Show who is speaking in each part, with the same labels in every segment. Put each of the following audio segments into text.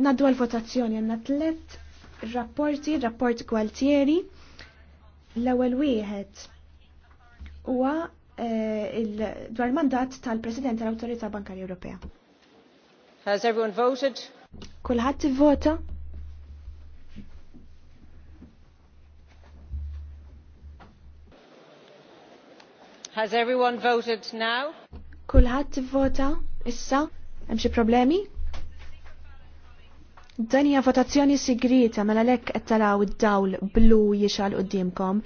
Speaker 1: Naddu għal-votazzjoni għanna tlet rapporti, rapport Gualtieri. L-ewwel wieħed huwa eh, dwar mandat tal-President tal-Awtorità Bankarja Ewropea.
Speaker 2: Has everyone voted?
Speaker 1: Kulħadd ivvota?
Speaker 3: Has everyone voted now?
Speaker 1: Kulħadd ivvota issa? Hemm xi problemi? Dan hija votazzjoni sigrita mela lek qed taraw id-dawl blu jixal qudiemkom.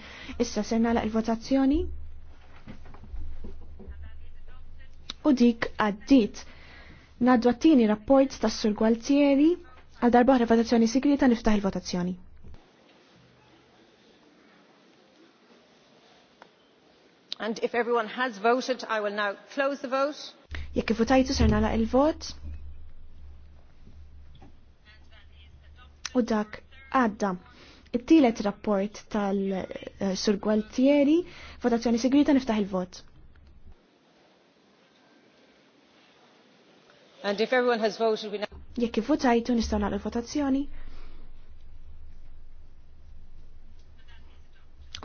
Speaker 1: Issa ser nagħlaq il-votazzjoni. U dik għaddit. Naddu għattini rapport tas Sur Gualtieri għal darbaħra votazzjoni sigrita niftaħ il-votazzjoni.
Speaker 2: And if everyone has voted, I will now close the vote.
Speaker 1: Jekk votajtu ser nagħlaq il-vot. u dak għadda. It-tielet rapport tal-Sur eh, Gualtieri, votazzjoni segwita niftaħ il-vot.
Speaker 2: And if everyone has voted, we now...
Speaker 1: Jekk votajtu nistgħu nagħmlu votazzjoni.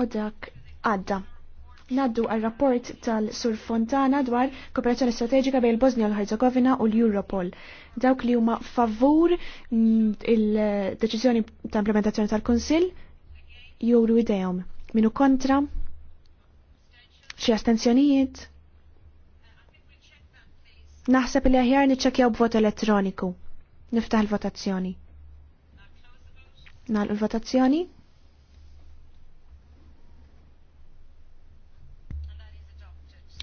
Speaker 1: U dak għadda. Naddu għal rapport tal-Sur Fontana dwar kooperazzjoni strateġika bejn il-Bosnia u l-Herzegovina u l-Europol. Dawk li huma favur mm, il-deċiżjoni ta' implementazzjoni tal-Kunsill juru idejhom. Minu kontra? Xi astenzjonijiet? Naħseb li aħjar niċċekjaw b'vot elettroniku. Niftaħ il-votazzjoni. Nagħlqu il-votazzjoni?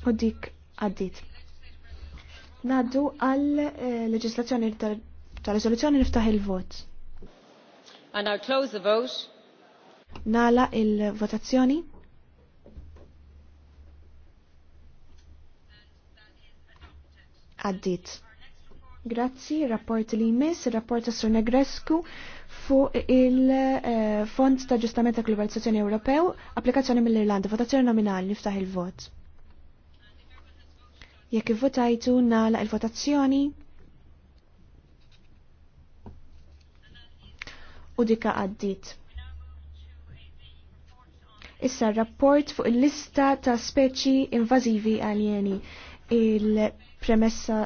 Speaker 1: u dik għaddit. Naddu għal eh, leġislazzjoni ta' risoluzzjoni niftaħ il-vot.
Speaker 3: And I'll close the vote.
Speaker 1: Nala il-votazzjoni. Għaddit. Grazzi, rapport li jmiss, rapport ta' Sur Negrescu fuq il-Fond eh, ta' Ġustament ta' Globalizzazzjoni Ewropew, applikazzjoni mill-Irlanda, votazzjoni nominali, niftaħ il-vot. Jekk ivvotajtu nagħlaq il-votazzjoni. U dika għaddit. Issa rapport fuq il-lista ta' speċi invażivi aljeni. Il-premessa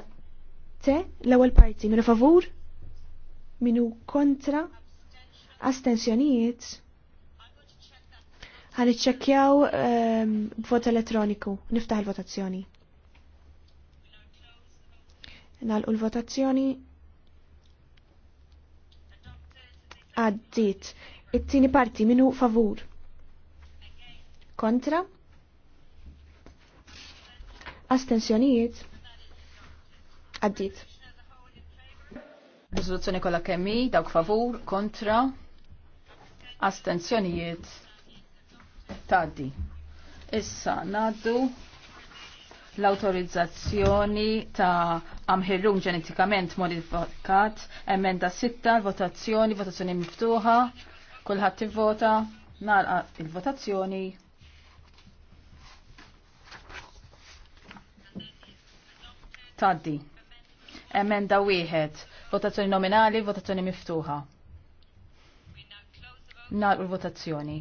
Speaker 1: te, l-ewwel parti, minu favur, minu kontra, astensjonijiet iċċekjaw um, vot elettroniku. Niftaħ il-votazzjoni. Nalqu l-votazzjoni. Għaddit. It-tieni parti minu favur. Kontra. Astensjonijiet.
Speaker 3: Għaddit. Risoluzzjoni kollha kemmi, dawk favur, kontra, astenzjonijiet, taddi. Issa naddu l-autorizzazzjoni ta' amħirrum ġenetikament modifikat, emenda 6, votazzjoni, votazzjoni miftuħa, kullħat vota nalqa il-votazzjoni. Taddi. Emenda 1, votazzjoni nominali, votazzjoni miftuħa. Nalqa il-votazzjoni.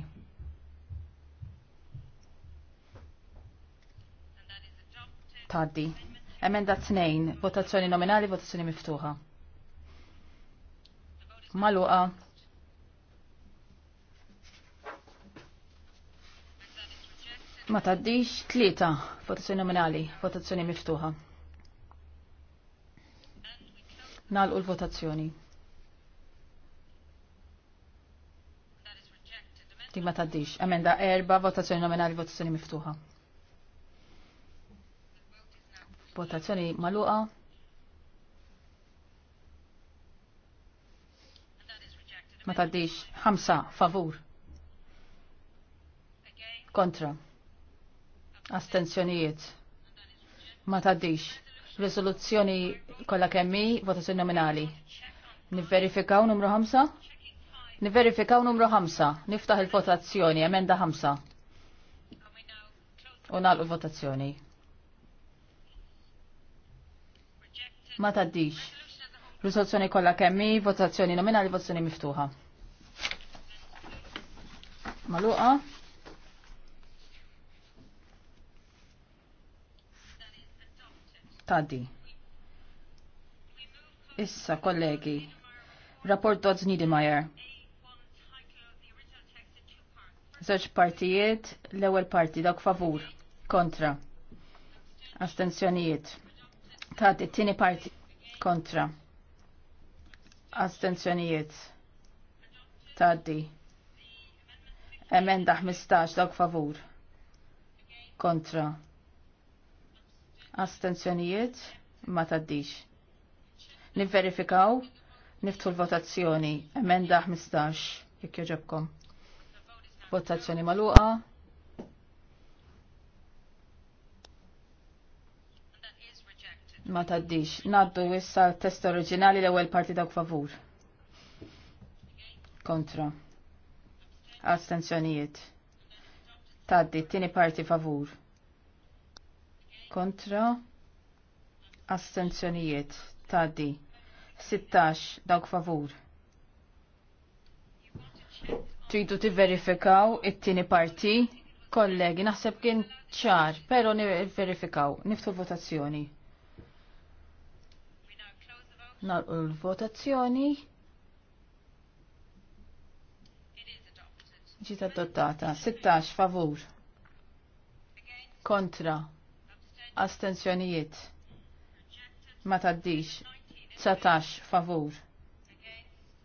Speaker 3: taddi. Emenda 2, votazzjoni nominali, votazzjoni miftuħa. Maluqa. Ma taddix tlieta votazzjoni nominali, votazzjoni miftuħa. Nalqu l-votazzjoni. Dik ma taddix. Emenda erba' votazzjoni nominali, votazzjoni miftuħa. Votazzjoni maluqa. Ma taddix. Hamsa, favur. Kontra. Astenzjonijiet. Ma taddix. Risoluzzjoni kolla kemmi, votazzjoni nominali. Niverifikaw numru ħamsa? Niverifikaw numru ħamsa. Niftaħ il-votazzjoni, emenda 5. Unal u votazzjoni. Ma taddix. Risoluzzjoni kollha kemmi, votazzjoni nominali, votazzjoni miftuħa. Maluqa. Taddi. Issa, kollegi. Rapport Dodds Niedemeyer. Żewġ partijiet, l-ewwel parti dawk favur, kontra. Astenzjonijiet. Tad, it-tieni parti kontra astenzjonijiet taddi emenda 15 dawk favur kontra astenzjonijiet ma taddix nivverifikaw niftu l-votazzjoni emenda 15 jekk joġobkom votazzjoni maluqa ma taddix. Naddu issa test oriġinali l-ewwel parti dawk favur. Kontra. Astenzjonijiet. Taddi tini tieni parti favur. Kontra. Astenzjonijiet. Taddi. 16 dawk favur. Tridu verifikaw it-tieni parti. Kollegi, naħseb kien ċar, pero verifikaw, niftu votazzjoni. Nalqu l-votazzjoni. Ġiet adottata. 16 favur. Kontra. Astenzjonijiet. Ma taddix. 19 favur.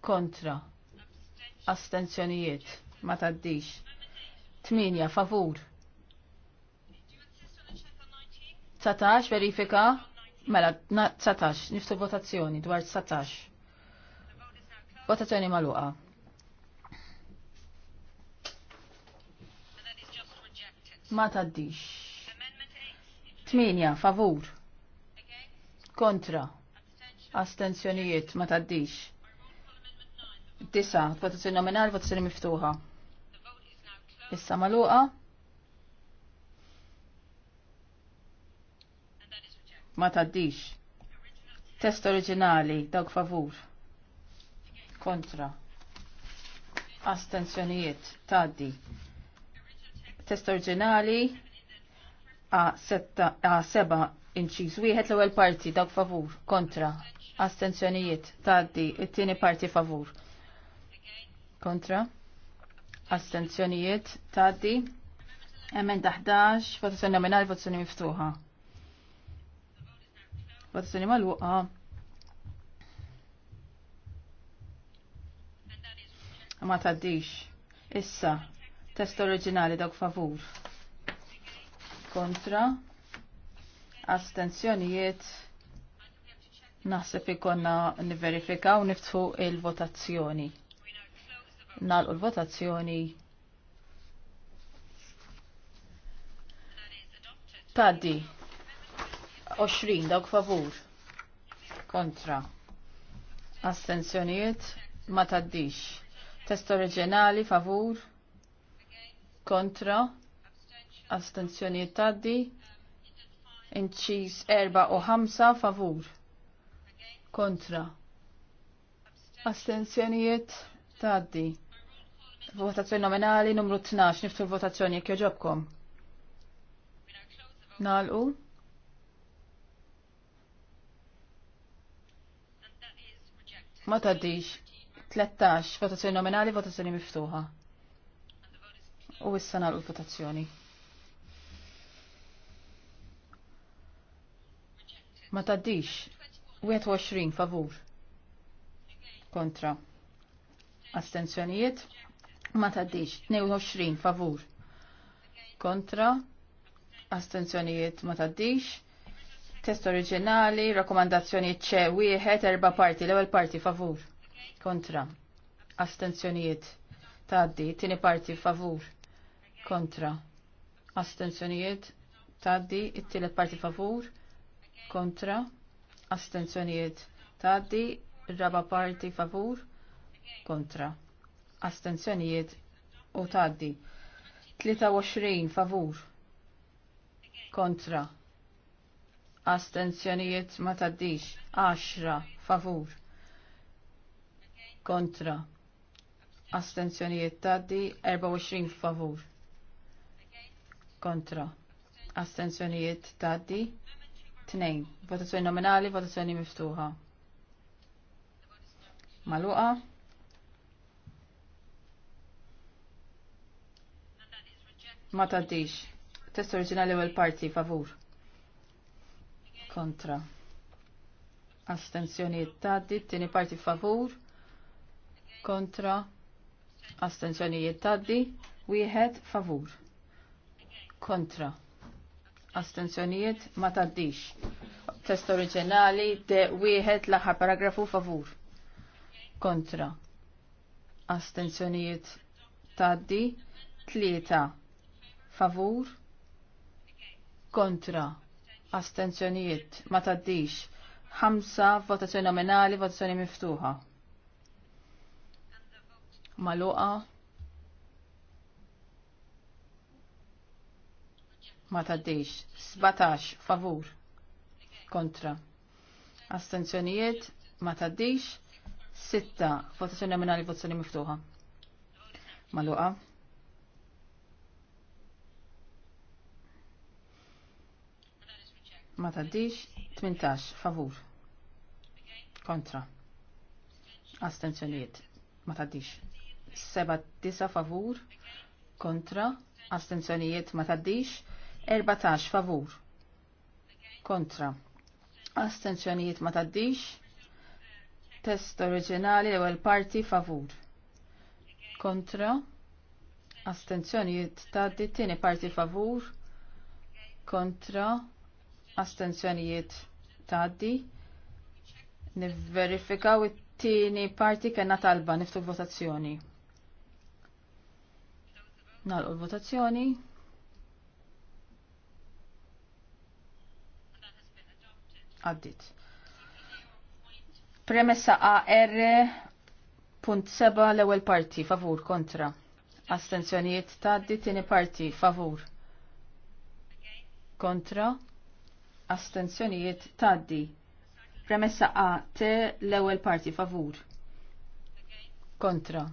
Speaker 3: Kontra. Astenzjonijiet. Ma taddix. 8 favur. 19 verifika. Mela, 19, niftu votazzjoni dwar 19. Votazzjoni maluqa. Ma taddix. 8, favur. Kontra. Astenzjonijiet, ma taddix. 9, votazzjoni nominal, votazzjoni miftuħa. Issa maluqa. ma taddix. Test oriġinali, dawk favur. Kontra. Astenzjonijiet, taddi. Test oriġinali, a seba inċiż wieħed l-ewwel parti dawk favur, kontra. Astenzjonijiet, taddi. It-tieni parti favur. Kontra. Astenzjonijiet, taddi. Emenda 11, votazzjoni nominali, votazzjoni miftuħa votazzjoni maluqa. Ma taddix. Issa, test oriġinali dawk favur. Kontra. Astenzjonijiet. Naħseb ikonna niverifikaw niftħu il-votazzjoni. Nalqu l-votazzjoni. Taddi. 20 dawk favur. Kontra. Astenzjonijiet ma taddix. Test oriġinali favur. Kontra. Astenzjonijiet taddi. Inċis 4 u 5 favur. Kontra. Astenzjonijiet taddi. Votazzjoni nominali numru 12, niftu l-votazzjoni jekk joġobkom. Nalqu. Ma taddix. 13. Votazzjoni nominali, votazzjoni miftuħa. U issa nagħlqu l-votazzjoni. Ma taddix. 21 favur. Kontra. Astenzjonijiet. Ma taddix. 22 favur. Kontra. Astenzjonijiet ma taddix. Test oriġinali, rakkomandazzjoni ċe wieħed erba' parti, l-ewwel parti favur. Kontra. Astenzjonijiet. Taddi, tieni parti favur. Kontra. Astenzjonijiet. Taddi, it-tielet parti favur. Kontra. Astenzjonijiet. Taddi, raba parti favur. Kontra. Astenzjonijiet u taddi. 23 favur kontra astenzjonijiet ma taddix 10 favur kontra astenzjonijiet taddi 24 favur kontra astenzjonijiet taddi 2 votazzjoni nominali votazzjoni miftuħa maluqa ma taddix test originali u l-parti favur kontra astenzjonijiet taddi, tini parti favur kontra astenzjonijiet taddi, wieħed favur kontra astenzjonijiet ma taddix. Test oriġinali de wieħed l-aħħar paragrafu favur kontra astenzjonijiet taddi, tlieta favur kontra astenzjonijiet ma taddix. Ħamsa votazzjoni nominali, votazzjoni miftuħa. Maluqa. Ma taddix. 17 favur. Kontra. Astenzjonijiet ma taddix. Sitta votazzjoni nominali, votazzjoni miftuħa. Maluqa. ma taddix 18 favur kontra astenzjoniet ma taddix 7-9 favur kontra Astenzjoniet. ma taddix 14 favur kontra astenzjonijiet ma taddix test oriġinali l parti favur kontra astenzjonijiet taddi tini parti favur kontra astenzjonijiet taddi. Nivverifikaw it-tieni parti kena talba niftu votazzjoni. Nalqu l-votazzjoni. Għaddit. Premessa AR punt seba l-ewel parti, favur, kontra. Astenzjonijiet taddi, tieni parti, favur. Kontra astenzjonijiet taddi. Premessa A te l-ewwel parti favur. Kontra.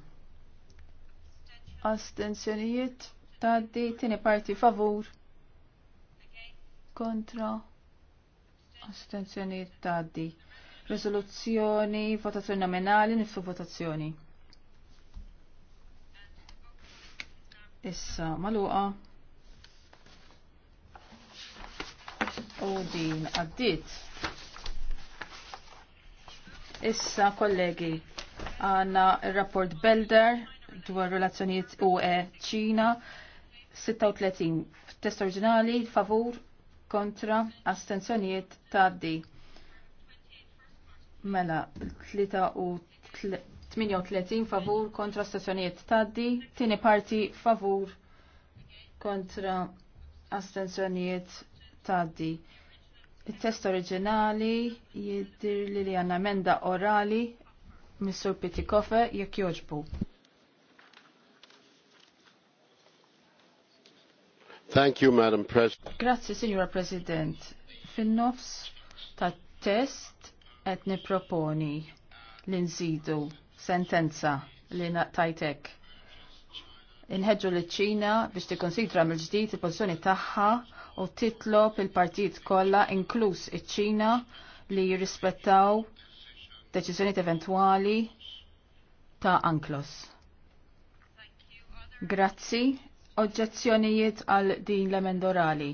Speaker 3: Astenzjonijiet taddi tieni parti favur. Kontra. Astenzjonijiet taddi. Resoluzzjoni, votazzjoni nominali, nifsu votazzjoni. Issa, maluqa. u din għaddit. Issa, kollegi, għanna il-rapport Belder dwar relazzjoniet UE ċina 36 test oriġinali favur kontra astenzjoniet taddi. Mela 38 favur kontra astenzjoniet taddi, tieni parti favur kontra astenzjoniet taddi. Il-test oriġinali jiddir li li għanna menda orali Missur Pitikofe jekk joġbu.
Speaker 2: Thank you, Madam President.
Speaker 3: Grazie, Signora President. Fin-nofs ta' test qed proponi li nżidu sentenza li tajtek. Inħedġu li ċina biex konsidra mill-ġdid il-pożizzjoni tagħha u titlob il-partijiet kollha inkluż iċ-Ċina li jirrispettaw deċiżjonijiet eventwali ta' Anklos. Grazzi, oġġezzjonijiet għal din l-emendorali.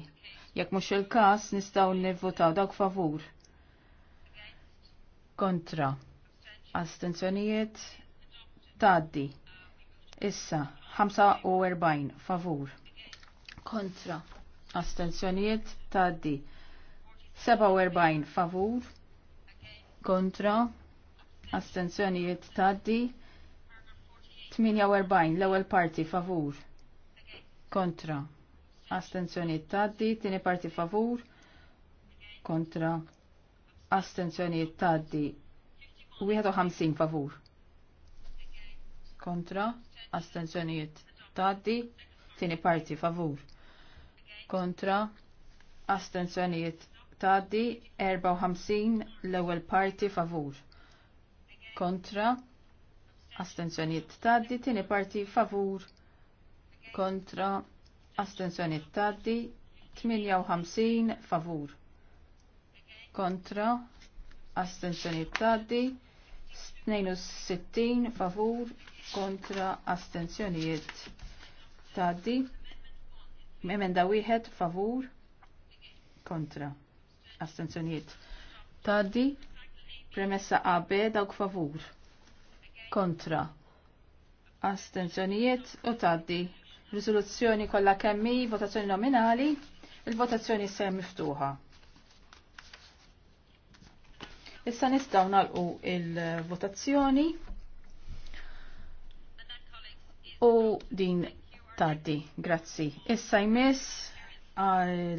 Speaker 3: Jekk mhux il-każ nistgħu nivvutaw dawk favur. Kontra. Astenzjonijiet tgħaddi. Issa 45 favur. Kontra astenzjonijiet taddi 47 favur kontra ta' taddi 48 l-ewwel parti favur kontra astenzjonijiet taddi tieni parti favur kontra ta' taddi 51 favur kontra ta' taddi tieni parti favur kontra astenzjonijiet taddi 54 l-ewwel parti favur kontra astenzjonijiet taddi tieni parti favur kontra astenzjonijiet taddi 58 favur kontra astenzjonijiet taddi 62 favur kontra astenzjonijiet taddi Memenda wieħed favur kontra Astenzjoniet. Taddi premessa AB dawk favur kontra Astenzjoniet u taddi riżoluzzjoni kollha kemmi votazzjoni nominali il-votazzjoni se miftuħa. Issa nistgħu nagħlqu il-votazzjoni u din taddi. Grazzi. Issa jmiss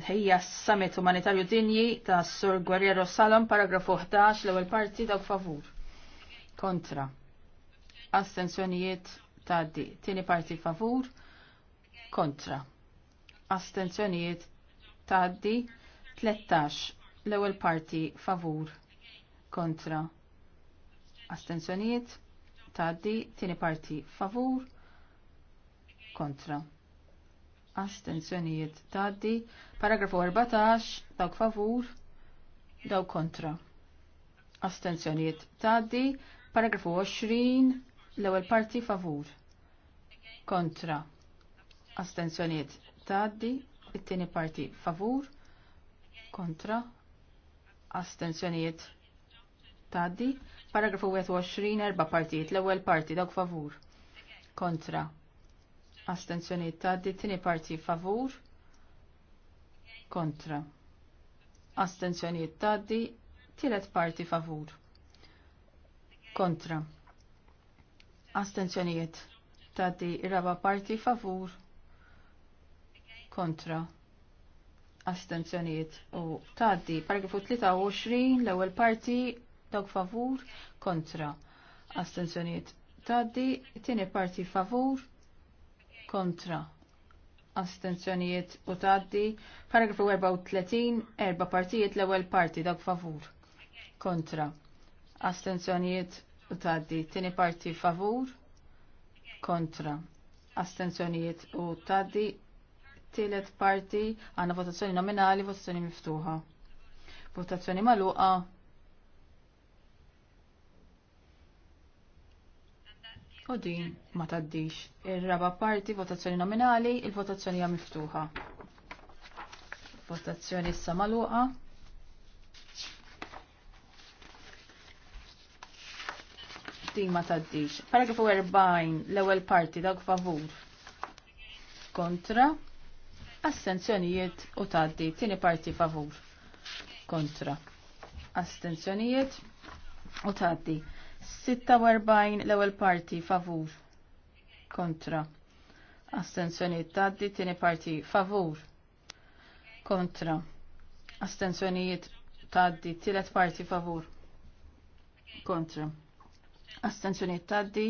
Speaker 3: ħejja s-Summit Umanitarju Dinji ta' Sur Guerriero Salom, paragrafu 11, l-ewwel parti dawk favur. Kontra. Astenzjonijiet tardi. Tieni parti favur. Kontra. Astenzjonijiet tardi. 13. L-ewwel parti favur. Kontra. Astenzjonijiet tardi. Tieni parti favur kontra. Astenzjonijiet taddi. Paragrafu 14, dawk favur, dawk kontra. Astenzjonijiet taddi. Paragrafu 20, l-ewwel parti favur. Kontra. Astenzjonijiet taddi. It-tieni parti favur. Kontra. Astenzjonijiet taddi. Paragrafu 21, erba' partijiet, l-ewwel parti dawk favur. Kontra astenzjoniet taddi, tini parti favur, kontra. Astenzjoniet taddi, tielet parti favur, kontra. Astenzjoniet di raba parti favur, kontra. Astenzjoniet u di paragrafu 23, l-ewel parti, dawk favur, kontra. Astenzjoniet taddi, tini parti favur, kontra astenzjonijiet u taddi. Paragrafu 34, erba partijiet l-ewwel parti dak favur. Kontra. Astenzjonijiet u taddi. Tieni parti favur. Kontra. Astenzjonijiet u taddi. Tielet parti għandna votazzjoni nominali, votazzjoni miftuħa. Votazzjoni maluqa. U din ma taddix. Ir-raba parti, votazzjoni nominali, il-votazzjoni hija miftuħa. Votazzjoni issa magħluqa. Din ma taddix. Paragrafu 40, l-ewwel parti dawk favur. Kontra. Astenzjonijiet u taddi. Tieni parti favur. Kontra. Astenzjonijiet u taddi. 46 l-ewwel parti favur kontra. Astenzjonijiet taddi tieni parti favur kontra. Astenzjonijiet taddi tielet parti favur kontra. Astenzjonijiet taddi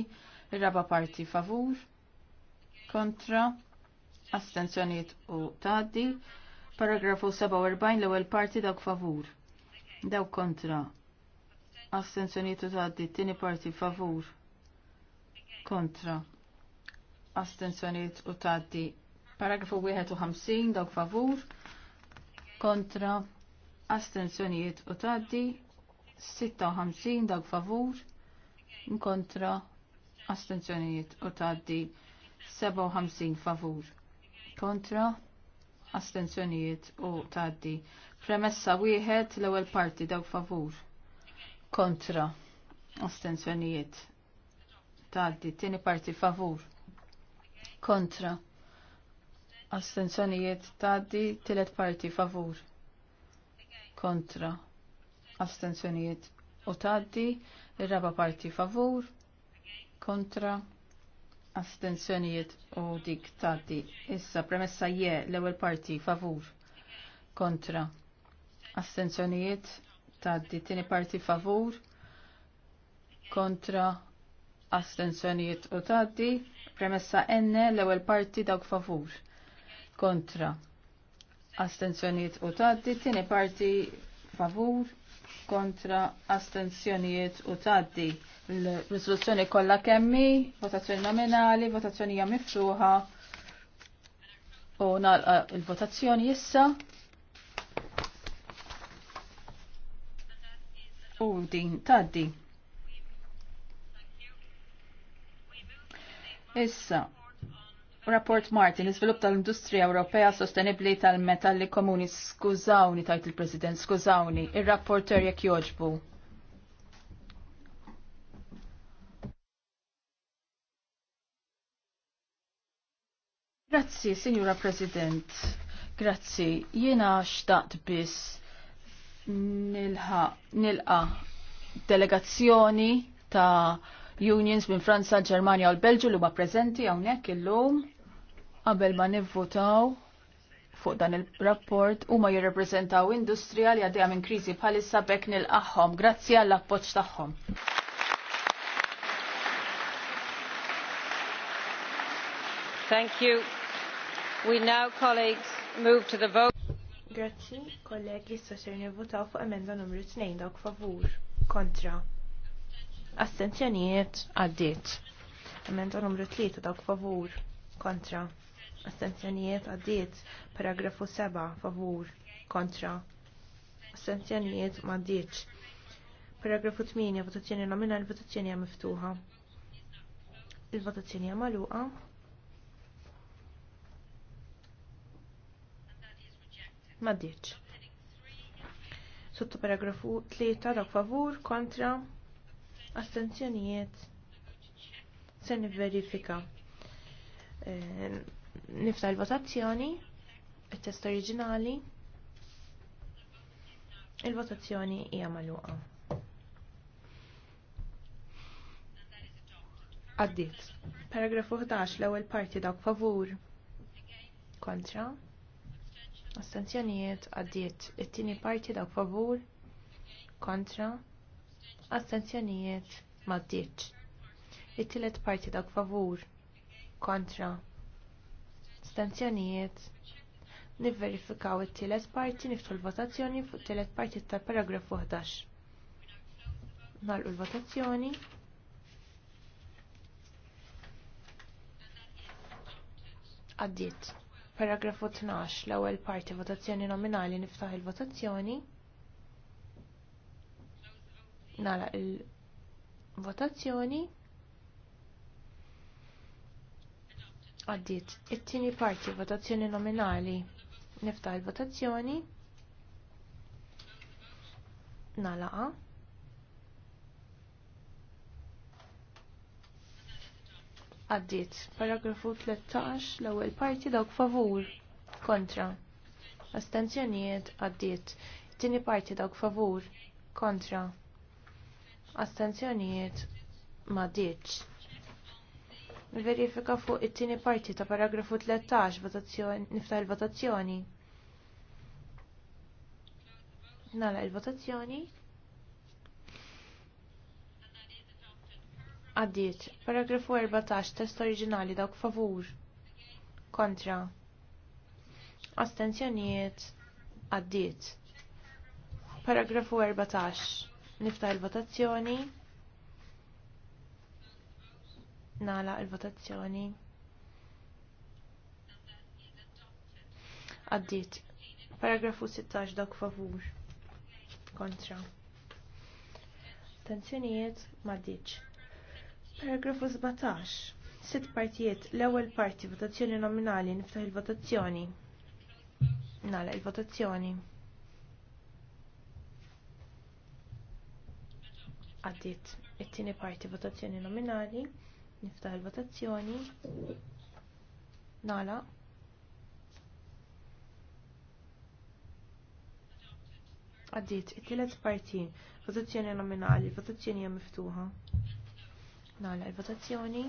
Speaker 3: raba parti favur kontra. Astenzjonijiet u taddi. Paragrafu 47 l-ewwel parti dawk favur. Dawk kontra Astenzjonijiet tgħaddi. Tieni parti favur. Kontra. Astenzjoni u tgħaddi. Paragrafu 51 dawk favur. Kontra. Astenzjonijiet u tgħaddi. 56 dawk favur. Kontra. Astenzjonijiet u tgħaddi. 57 favur. Kontra astenzjonijiet u taddi. Premessa wieħed l-ewwel parti dawk favur kontra astenzjonijiet taddi tieni parti favur kontra astenzjonijiet taddi tielet parti favur kontra astenzjonijiet u taddi ir-raba parti favur kontra astenzjonijiet u dik taddi issa premessa je l-ewwel parti favur kontra astenzjonijiet taddi tieni parti favur kontra astenzjonijiet u taddi premessa n l-ewwel parti dawk favur kontra astenzjonijiet u taddi tieni parti favur kontra astenzjonijiet u taddi l-risoluzzjoni kollha kemmi, votazzjoni nominali, votazzjoni hija miftuħa u nalqa eh, il-votazzjoni issa. u din taddi. Issa, Rapport Martin, izvilup tal-Industrija Ewropea Sostenibbli tal-Metalli Komuni, skużawni tajt il-President, skużawni, ir-rapporter jek jekk joġbu. Grazzi, Signora President. Grazzi, jiena xtaqt biss nilqa delegazzjoni ta' unions minn Franza, Ġermania u l-Belġu li huma preżenti hawnhekk illum qabel ma nivvotaw fuq dan il-rapport huma jirrepreżentaw industrija li għaddejja minn kriżi bħalissa bekk nilqahom grazzi għall appoġġ tagħhom. Thank you.
Speaker 2: We now, colleagues, move to the vote. Grazzi, kollegi, s-sosir nivvotaw fuq emenda numru 2 dawk favur. Kontra. Astenzjonijiet għaddiet. Emenda numru 3 dawk favur. Kontra. Astenzjonijiet għaddiet. Paragrafu 7 favur. Kontra. Astenzjonijiet maddit. Paragrafu 8 votazzjoni nominali votazzjoni miftuħa. Il-votazzjoni hija magħluqa. ma ditx. Sotto paragrafu 3 dak favur kontra astenzjonijiet se nivverifika. E, eh, Nifta l-votazzjoni, il-test oriġinali, il-votazzjoni hija magħluqa. Għaddit. Paragrafu 11 l-ewwel parti dak favur kontra Astenzjonijiet għaddiet it-tieni parti daw favur kontra astenzjonijiet m'għaddietx. It-tielet parti daw favur kontra astenzjonijiet nivverifikaw it-tielet parti niftu l-votazzjoni fuq it-tielet parti tal-paragrafu 11. Nagħlqu l-votazzjoni. Għaddiet. Paragrafu 12, l-ewwel parti votazzjoni nominali niftaħ il-votazzjoni. Nara il-votazzjoni. Għaddit, it-tieni parti votazzjoni nominali niftaħ il-votazzjoni. Nalaqa. Għaddit. Paragrafu 13, l-ewwel parti dawk favur. Kontra. Astenzjonijiet għaddiet. Tini parti dawk favur. Kontra. Astenzjonijiet ma Verifika fuq it-tieni parti ta' paragrafu 13 votazzjoni niftaħ il-votazzjoni. Nala il-votazzjoni. Għaddiet. Paragrafu 14. Test oriġinali dawk favur. Kontra. Astenzjonijiet. Għaddiet. Paragrafu 14. Niftaħ il-votazzjoni. Nala il-votazzjoni. Għaddiet. Paragrafu 16 dak favur. Kontra. Tensjonijiet ma' diċ. Paragrafu 17. Sitt partijiet l-ewwel parti votazzjoni nominali niftaħ il-votazzjoni. Nala il-votazzjoni. Għaddit it-tieni parti votazzjoni nominali niftaħ il-votazzjoni. Nala. Għaddit it-tielet parti votazzjoni nominali, votazzjoni hija miftuħa. Nagħla l-votazzjoni.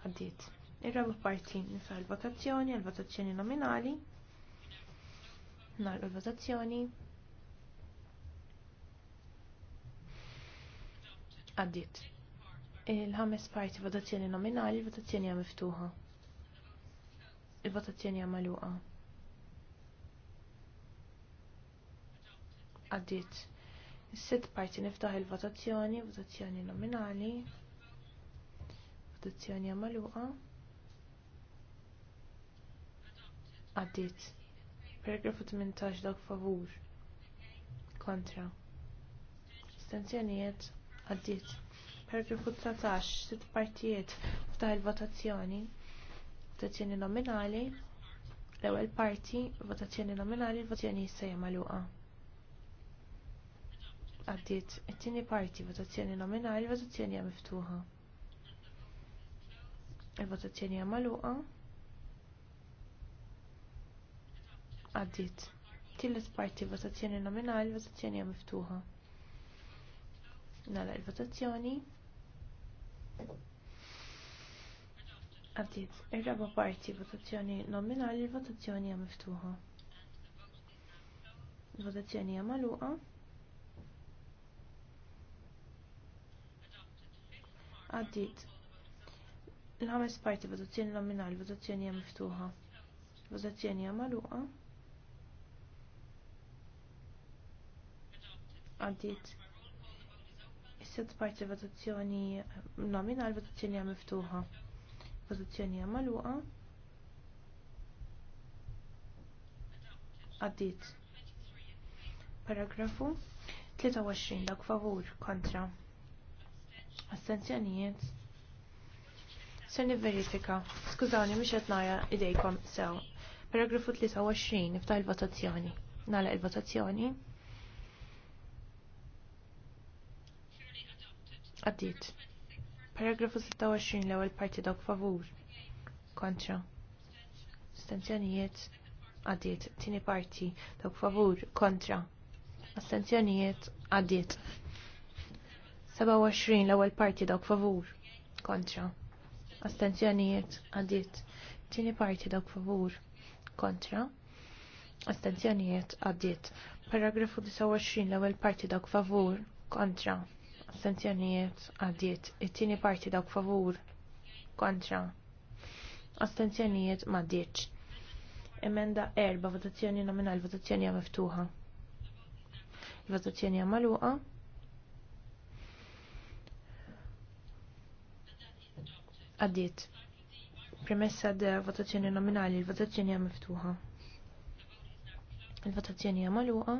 Speaker 2: Għaddiet. Ir-raba parti nisa l-votazzjoni, l-votazzjoni nominali. Nagħla l-votazzjoni. Għaddiet. Il-ħames parti votazzjoni nominali, votazzjoni hija miftuħa. Il-votazzjoni hija magħluqa. għaddit Is-sitt parti niftaħ il-votazzjoni, votazzjoni nominali, votazzjoni għamaluqa. Għaddit. Paragrafu 18 dak favur. Kontra. Stanzjonijiet għaddit. Paragrafu 13, sitt partijiet ftaħ il-votazzjoni. Votazzjoni nominali. L-ewwel parti, votazzjoni nominali, votazzjoni jissa jamaluqa għaddiet it-tieni parti votazzjoni nominali votazzjoni hija miftuħa. Il-votazzjoni hija magħluqa. Għaddiet. Tillet parti votazzjoni nominali votazzjoni hija miftuħa. Nagħlaq il-votazzjoni. Għaddiet. Ir-raba parti votazzjoni nominali votazzjoni hija miftuħa. Votazzjoni hija magħluqa. Għaddit. Il-ħames parti votazzjoni nominali, votazzjoni hija miftuħa. Votazzjoni hija magħluqa. Għaddit. Is-sitt parti votazzjoni nominali, votazzjoni hija miftuħa. Votazzjoni hija magħluqa. Għaddit. Paragrafu 23 dak favur kontra astenzjonijiet. Ser nivverifika. Skużawni, mux qed nara idejkom sew. Paragrafu 23, nifta il-votazzjoni. Nagħlaq il-votazzjoni. Għaddit. Paragrafu 26, l-ewwel parti dawk favur. Kontra. Astenzjonijiet. Għaddit. Tieni parti dawk favur. Kontra. Astenzjonijiet. Għaddit. 27 l-ewwel parti dawk favur kontra. Astenzjonijiet għaddiet. Tieni parti dawk favur kontra. Astenzjonijiet għaddiet. Paragrafu 29 l-ewwel parti dawk favur kontra. Astenzjonijiet għaddiet. It-tieni parti dawk favur kontra. Astenzjonijiet m'għaddietx. Emenda erba' votazzjoni nominal votazzjoni miftuħa. Votazzjoni magħluqa. Għaddiet. Premessa d votazzjoni nominali, il-votazzjoni hija miftuħa. Il-votazzjoni hija magħluqa.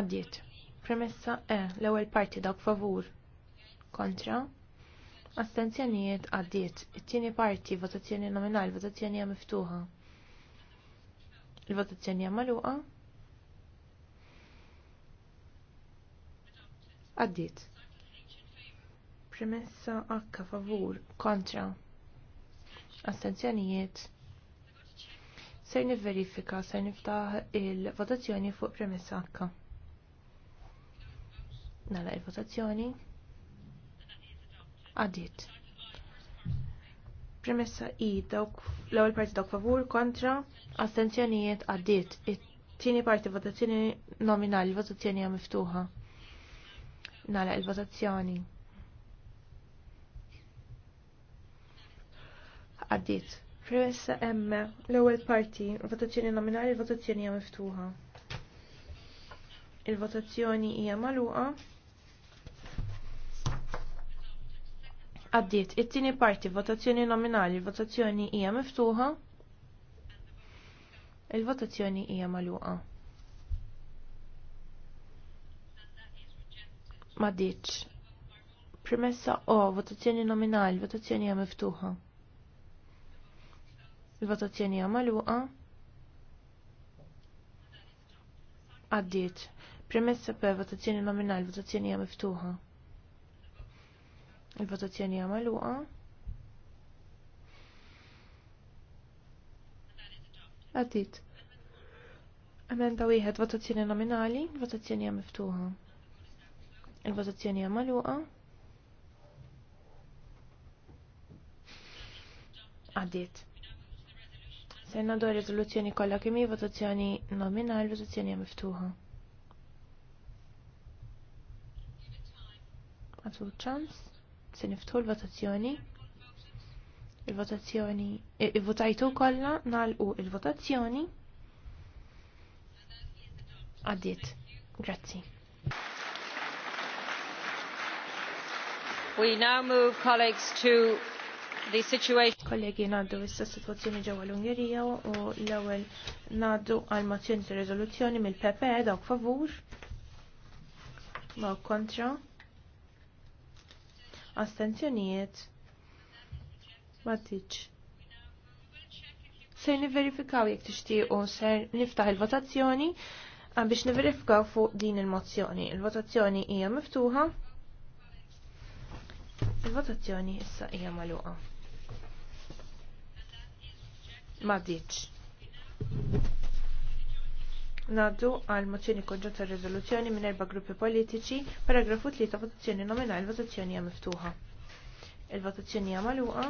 Speaker 2: Għaddiet. Premessa E, l-ewwel parti dawk favur. Kontra. Astenzjonijiet għaddiet. It-tieni parti, votazzjoni nominali, votazzjoni hija miftuħa. Il-votazzjoni hija magħluqa. Għaddit. Premessa H favur kontra astenzjonijiet. Ser nivverifika ser niftaħ il-votazzjoni fuq premessa H. Nala il-votazzjoni. Għaddit. Premessa I dawk l-ewwel parti dawk favur kontra astenzjonijiet għaddit. It-tieni parti votazzjoni nominali, votazzjoni hija miftuħa nagħlaq il-votazzjoni. Għaddit. Premessa M, l-ewwel parti, votazzjoni nominali, votazzjoni hija miftuħa. Il-votazzjoni hija magħluqa. Għaddit. it-tieni parti, votazzjoni nominali, votazzjoni hija miftuħa. Il-votazzjoni hija magħluqa. ma ditx. Premessa O, votazzjoni nominali, votazzjoni hija miftuħa. Il-votazzjoni hija magħluqa. Għaddiet. Premessa P, votazzjoni nominali, votazzjoni hija miftuħa. Il-votazzjoni hija magħluqa. Għaddiet. Emenda wieħed votazzjoni nominali, votazzjoni hija miftuħa. Il-votazzjoni hija magħluqa. Għaddiet. Se nagħdu r-riżoluzzjoni kollha kemm hi votazzjoni nominali, votazzjoni miftuħa. Għatu ċans, se niftuħ l-votazzjoni. Il-votazzjoni, il-votajtu kollha nagħlqu il-votazzjoni. Għaddiet. Grazzi. Kollegi naddu issa situazzjoni ġewwa l-Ungerija u l-ewwel naddu għal mozzjoni ta' riżoluzzjoni mill-PP e, dawk favur. Dawk kontra. Astenzjonijiet. Matiċ. Ser niverifikaw jekk tixtiequ ser niftaħ il-votazzjoni biex niverifikaw fuq din il-mozzjoni. Il-votazzjoni hija miftuħa. Il-votazzjoni issa hija magħluqa. Ma ditx. Naddu għal mozzjoni konġunta riżoluzzjoni minn erba' gruppi politiċi, paragrafu 3 votazzjoni nominali votazzjoni hija miftuħa. Il-votazzjoni hija magħluqa.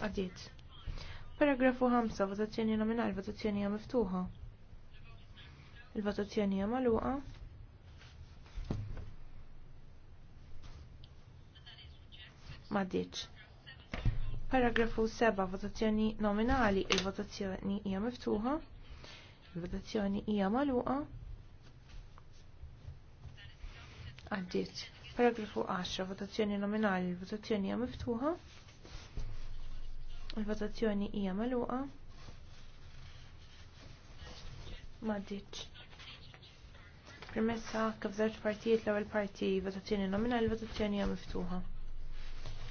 Speaker 2: Għadiet. Paragrafu 5 votazzjoni nominali votazzjoni hija miftuħa. Il-votazzjoni hija magħluqa. Maddiċ. Paragrafu 7. Votazzjoni nominali. Il-votazzjoni hija miftuħa. Il-votazzjoni hija magħluqa. Għaddiċ. Paragrafu 10. Votazzjoni nominali. Il-votazzjoni hija miftuħa. Il-votazzjoni hija magħluqa. Maddiċ. Permessa kif żewġ partijiet l-ewwel parti votazzjoni nominali, votazzjoni hija miftuħa.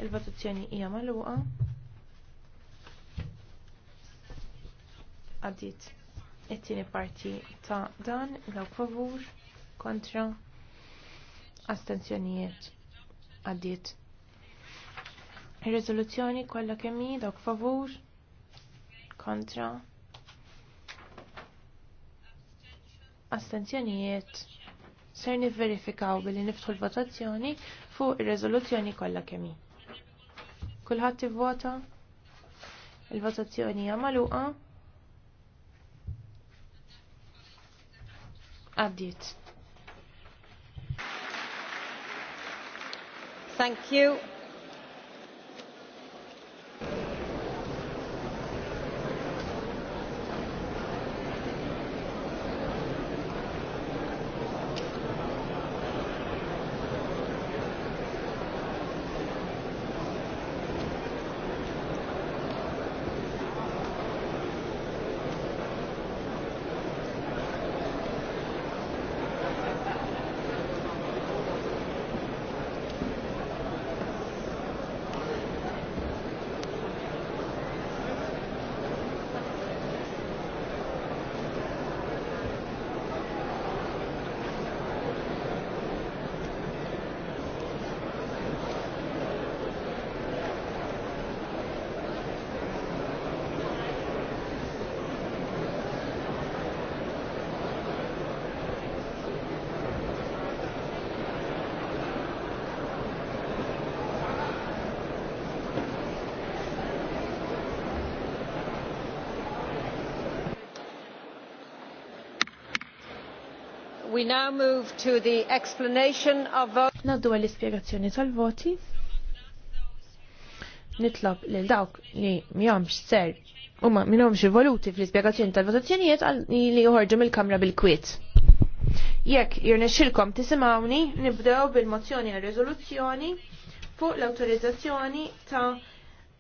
Speaker 2: Il-votazzjoni hija magħluqa. Għaddit it-tieni parti ta' dan law favur kontra astenzjonijiet għaddiet. Ir-riżoluzzjoni kollha kemm hi dawk favur kontra astenzjonijiet ser nivverifikaw billi niftħu l-votazzjoni fuq ir-riżoluzzjoni kollha kemm hi. Kulħadd ivvota. Il-votazzjoni hija magħluqa. Għaddiet. Thank you. Naddu għall-ispjegazzjoni tal-voti. Nitlob lil dawk li mjomx ser u ma minnhomx voluti fl-ispjegazzjoni tal-votazzjonijiet li joħorġu mill-Kamra bil-kwiet. Jekk xilkom tisimawni, nibdew bil-mozzjoni għal rezoluzzjoni fuq l-awtorizzazzjoni ta'